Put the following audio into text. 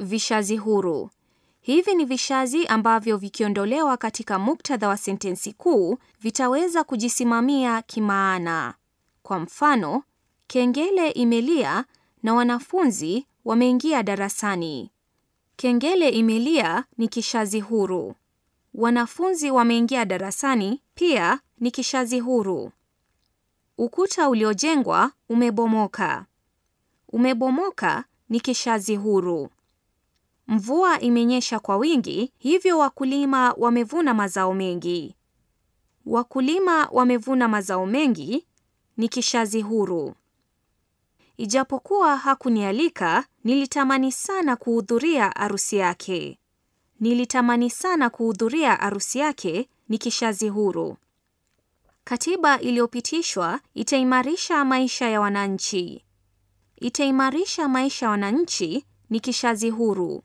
Vishazi huru. Hivi ni vishazi ambavyo vikiondolewa katika muktadha wa sentensi kuu vitaweza kujisimamia kimaana. Kwa mfano, kengele imelia na wanafunzi wameingia darasani. Kengele imelia ni kishazi huru. Wanafunzi wameingia darasani pia ni kishazi huru. Ukuta uliojengwa umebomoka. Umebomoka ni kishazi huru. Mvua imenyesha kwa wingi, hivyo wakulima wamevuna mazao mengi. Wakulima wamevuna mazao mengi ni kishazi huru. Ijapokuwa hakunialika, nilitamani sana kuhudhuria arusi yake. Nilitamani sana kuhudhuria arusi yake ni kishazi huru. Katiba iliyopitishwa itaimarisha maisha ya wananchi. Itaimarisha maisha ya wananchi ni kishazi huru.